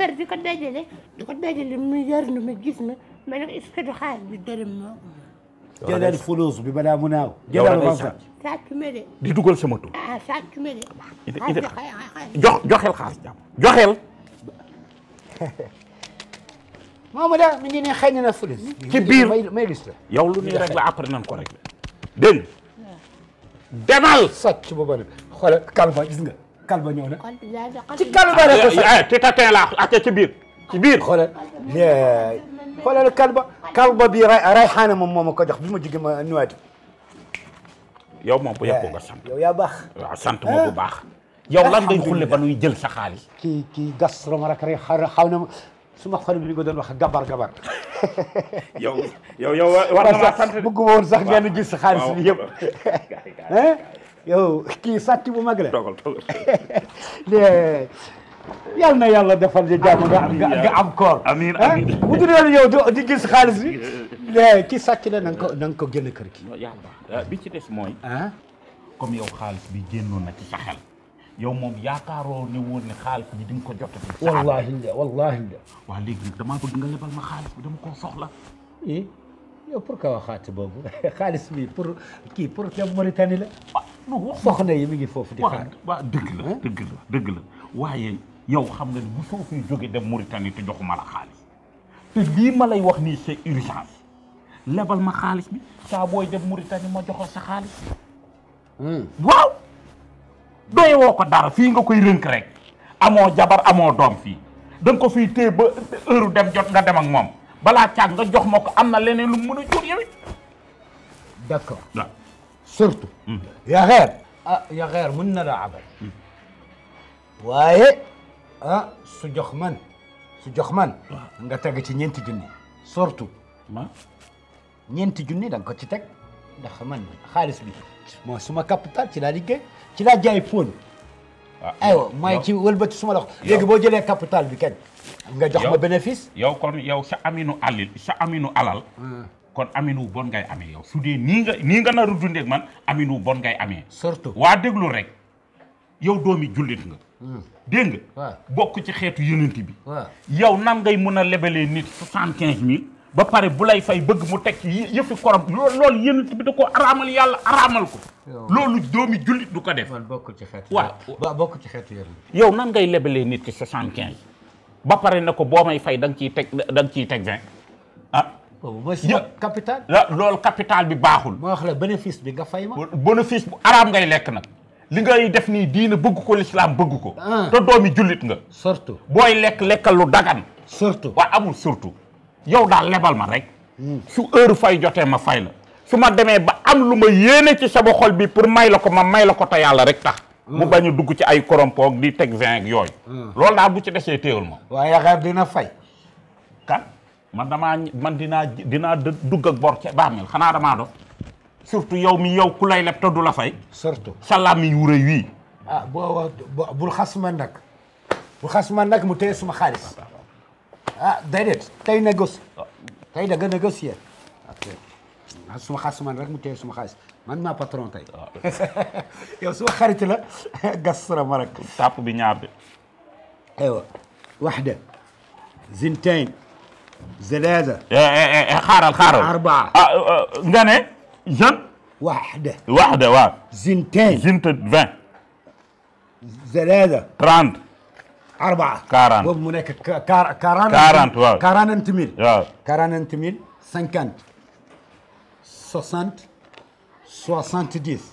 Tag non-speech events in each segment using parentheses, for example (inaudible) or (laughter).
fer di ko dajale di ko dajale mu yar na ma gis ma ma ne ko est-ce que du xaalis bi dërëm moo ko. jëlal fulus bi balaa mu naaw. jëlal ko fa sàcc ma de. di dugal sama tur. ah sàcc ma de. Ah, ah, jox joxel xaalis jàmm joxel. moom la (laughs) mi ngi ne xëy na fulus. ci biir may gis la. yow lu nii rek la après nan ko rek. dégg demal. sàcc boobu nag xoolal calme gis nga. kal ba ñëw na. ci kal ba rek. te tatin la ak ci biir ci biir. xoolal xoolal kal ba kal ba bii ray rayxaana moom moo ma ko jox bi ma jigéen ma nuwaati. yow moom bu yàqu eh, nga sant. yow yaa baax. waaw sant ma bu eh. baax. yow lan ngay xulle ba nuy jël sa xaalis. kii kii gas roma rek rek xaw na ma su ma xoolee bi ñu ko doon wax gabar gabar. (laughs) yow yow yow war na maa sant bëgguma woon sax ngeen gis xaalis bi yëpp. (laughs) Eh? yow kii sàcc bu mag la toogal toogal yàlla (laughs) na yàlla defal di jàmm nga am koor amiin amiin ah, bu dul woon yow di gis xaalis bi (laughs) kii sàcc la na nga ko na nga ko génn kër gi yàlla ah, bi ci des mooy ah comme yow xaalis bi génnoon na ci sa xel yow moom yaakaaroo ne woon ne xaalis bi di nga ko jot bi wallahi la wallahi la waaw léegi damaa bëgg nga lebal ma xaalis bi dama koo soxla eh? yow pour que waxaat boobu (laughs) xaalis bi pour kii pour te Mauritanie la non soxna yi foofu di xaar dëgg la dëgg la dëgg la waaye yow xam nga ni bu soo fiy jóge dem Mauritanie te joxuma la xaalis te lii ma lay wax nii c'est urgence lebal ma xaalis bi saa booy dem Mauritanie ma joxal sa xaalis hmm. waaw doy woo ko dara fii nga koy rënk rek amoo jabar amoo doom fii da ko fii téye ba heure dem jot nga dem ak moom balaa caag nga jox ma ko am na leneen lu mu mën a jur yow it d'accord surtout. yaa xeer ah yaa xeer na laa abal. waaye ah su jox man su jox man. nga teg ci ñeenti junni surtout. ñeenti junni da nga ko ci teg ndax man xaalis bi moo suma capital ci laa liggéey ci laa jaay poone. waaw aywa may ci wëlbati suma loxo. léegi boo jëlee capital bi kañ. nga jox ma bénéfice. yow kon yow sa aminu alil sa aminu alal. kon amin wu bon ngay amee yow su dee nii nga nii nga naru dundeek man amin wu bon ngay amee. surtout waa déglu rek yow doomi jullit nga. Hmm. dégg nga. bokk ci xeetu yonent bi. yow nan ngay mën a lebalee nit soixante quinze ba pare bu lay fay bëgg mu teg ci yëfi korom da ko araamal yàlla araamal ko. loolu doomi jullit du ko def. man bokk ci xeetu bokk ci xeetu yonent yow nan ngay lebalee nit ki soixante ba pare na ko boo may fay da nga ciy teg da nga ciy teg vingt. boobu mooy si capital la loolu capital bi baaxul. moo wax la bénéfice bi nga fay ma. bénéfice bu araam ngay lekk nag. li ngay def nii diina bëgg ko lislaam bëgg ko. Ah. te doomi jullit nga. surtout booy lekk lekkal lu dagan. surtout waaye amul surtout. yow daal lebal ma rek. Hmm. su heure fay jotee ma fay la. su ma demee ba am lu ma yéene ci sama xol bi pour may la ko ma may la ko te yàlla rek tax. Hmm. mu bañ a dugg ci ay corompo di teg vingt ak yooyu. Hmm. loolu daal bu ci desee téewul ma. waaye yaakaar dina fay. man damaa man dinaa dinaa dugg ak bor ca bàmmeel xanaa damaa surtout yow mi yow ku lay leb te du la fay. surtout salaam yi wii. Ah, bul xas ma nag bul xas ma nag mu téye suma xaalis ah déedéet tey négocie tey da nga négocier ah, suma xas man rek mu téye suma xaalis man maa patron tey ah. (laughs) yow suma xarit la (laughs) gas sara ma rek. tàpp bi ñaar de. aywa waxda زلازة خارل خارل أربعة غني جن واحدة واحدة واحد زنتين زنت فان زلازة تراند أربعة كاران بوب منك كار كاران كاران واو كاران أنت ميل كاران أنت ميل سنكانت سوسانت سوسانت ديس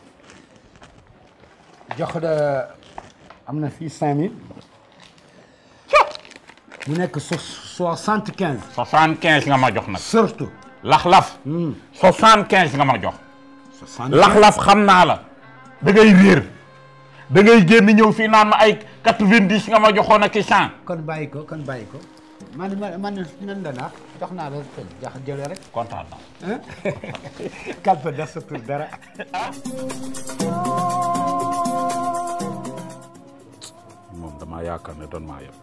جاخد أمنا في سامي mu nekk soixante quinze. soixante quinze nga ma jox nag. surtout. laxlaf. Hmm. soixante quinze nga ma jox. laxlaf xam naa la. da ngay réer. da ngay génn ñëw fii naan ma ay quatre vingt dix nga ma joxoon ak i cent. kon bàyyi ko kon bàyyi ko. man man man nan la naax jox naa la jax jële rek. kontaan naa. (laughs) kalpe desatul dara. moom damaa yaakaar ne doon maa yem.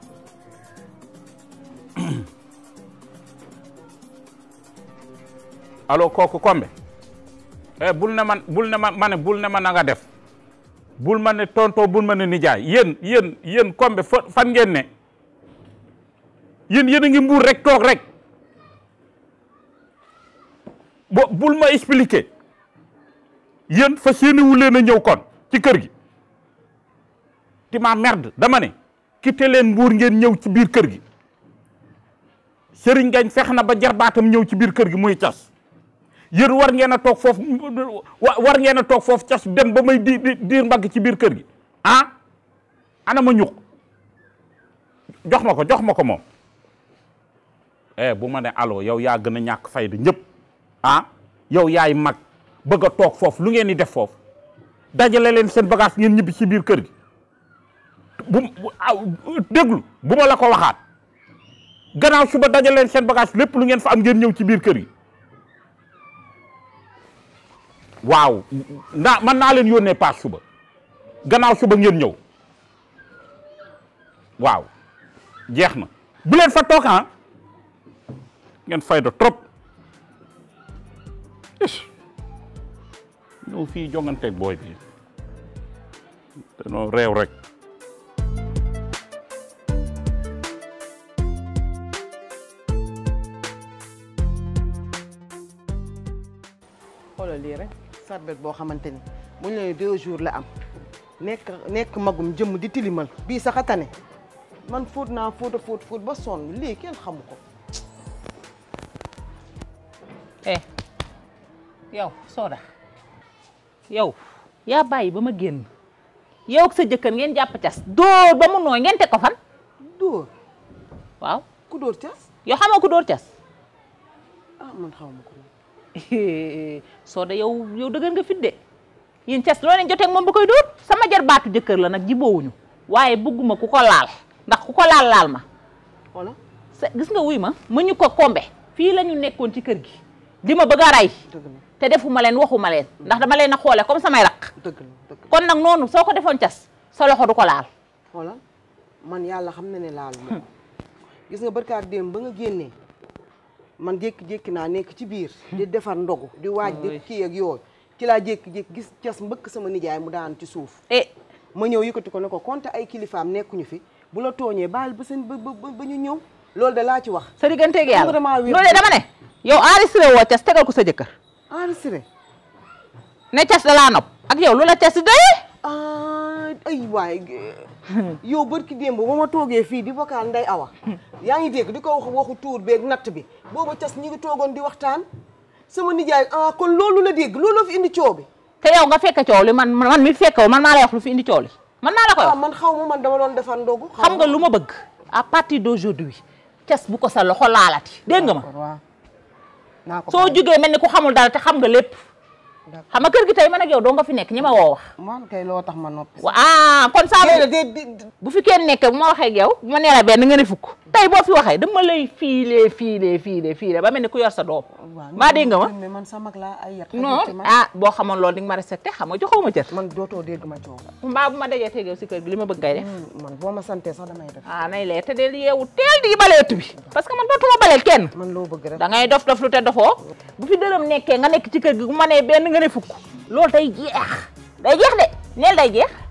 allo kooku kombe eh bul ne man bul ne ma mane bul ne ma na nga def bul ma ne tontoo bul ma nijaay yéen yéen yéen kombe fa fan ngeen ne yéen yéen a ngi mbuur rek toog rek bo bul ma expliquer yéen fas yéene wu leen a ñëw kon ci kër gi ti ma merde dama ne quitté leen mbuur ngeen ñëw ci biir kër gi seriñ gañ fex na ba jarbaatam ñëw ci biir kër gi muy cas yéen war ngeen a toog foofu war ngeen a toog foofu cas dem ba may di diir mbagg ci biir kër gi ah ana jox ma ko jox ma ko moom eh bu ma ne allo yow yaa gën a ñàkk fayda ñëpp ah yow yaay mag bëgg a toog foofu lu ngeen di def foofu dajale leen seen bagage ngeen ñibbi ci biir kër gi bu déglu bu ma la ko waxaat gannaaw suba dajale leen seen bagage lépp lu ngeen fa am ngeen ñëw ci biir kër gi waaw ndaa man naa leen yónnee paas suba gannaaw suba ngeen ñëw waaw jeex na bu leen fa toog ah ngeen fayda trop is ñëw fii jonganteeg booy bi danoo réew rek rek sarbet boo xamante ni bu ñu nee deux jours la am nekk nekk magum jëmm di tilimal bii sax a tane man fóot naa fóot a fóot ba sonn lii kenn xamu ko. eh yow Soda yow yaa bàyyi ba ma génn yow ak sa ngeen jàpp cas dóor ba mu nooy ngeen teg ko fan. dóor waaw ku dóor cas. yow xamoo ku dóor cas ah man xaw (laughs) soo de yow yow dëgër nga fit de yéen cas loo leen moom ba koy dóor sama jar jëkkër la nag jiboowuñu waaye bëgguma ku ko laal ndax ku ko laal laal ma wala gis nga wuy ma ma ko kombe fii la ñu nekkoon ci kër gi di ma bëgg a rey te defuma leen waxuma leen ndax dama leen a xoole comme samay raq kon nag noonu soo ko defoon cas sa loxo du ko laal wala man yàlla xam na ne laal ma hmm. gis nga barkaat démb ba nga génnee man jékki-jékki naa nekk ci biir hmm. di defar ndogu di waaj di kii ak yooyu ci laa jékki-jékki gis cas mbëkk sama nijaay mu daan ci suuf eh. ma ñëw yëkkati ko ne ko konte ay kilifaam nekkuñu fi bu la tooñee baal ba seen ba ba ñu ñëw loolu da laa ci wax sa digganteeg yàlla loolee dama ne yow enregistré woo cas tegal ko sa jëkkër enregistré ne cas da nopp ak yow lu la cas doy ah. ay waay yow barki démb ba ma toogee fii di vocal nday awa yaa ngi dégg di ko wax waxu tuur beeg natt bi booba cas ñi ngi toogoon di waxtaan sama nijaay ah, kon loolu la dégg loolu la fi indi coow bi te yow nga fekk coow li man man mi fekkoo man maa lay wax lu fi indi coow li man maa la koy ah, wax man xaw ma man dama doon defar ndogu xam nga lu ma bëgg à partir d'aujourd'hui cas bu ko sa loxo laalati dégg nga ma soo jógee mel ni ku xamul dara te xam nga kër gi tey man ak yow doo nga fi nekk ñi ma woo wax. man kay loo tax ma noppi. ah kon saa bu fi kenn nekk bu ma waxee ak yow bu ma nee la benn nga ne fukk. tey boo fi waxee dama lay fiile fiile fiile fiile ba mel ni ku yor sa doom. maa dégg nga ma mais man sa mag laa ay yàq. non ah boo xamoon loolu di nga ma respecté xam nga joxuma cër. man dootoo dégg ma coow. mbaa bu ma dajee teg yow si kër gi li ma bëgg ngay hmm, ah, yeewu teel di baleetu bi. parce que man dootuma baleel kenn. man loo bëgg rek da ngay dof dof lu te dofoo. bu fi dërëm nekkee nga nekk ci kër gi bu ma nee benn nga ne fukk. loolu day jeex day jeex de neel day jeex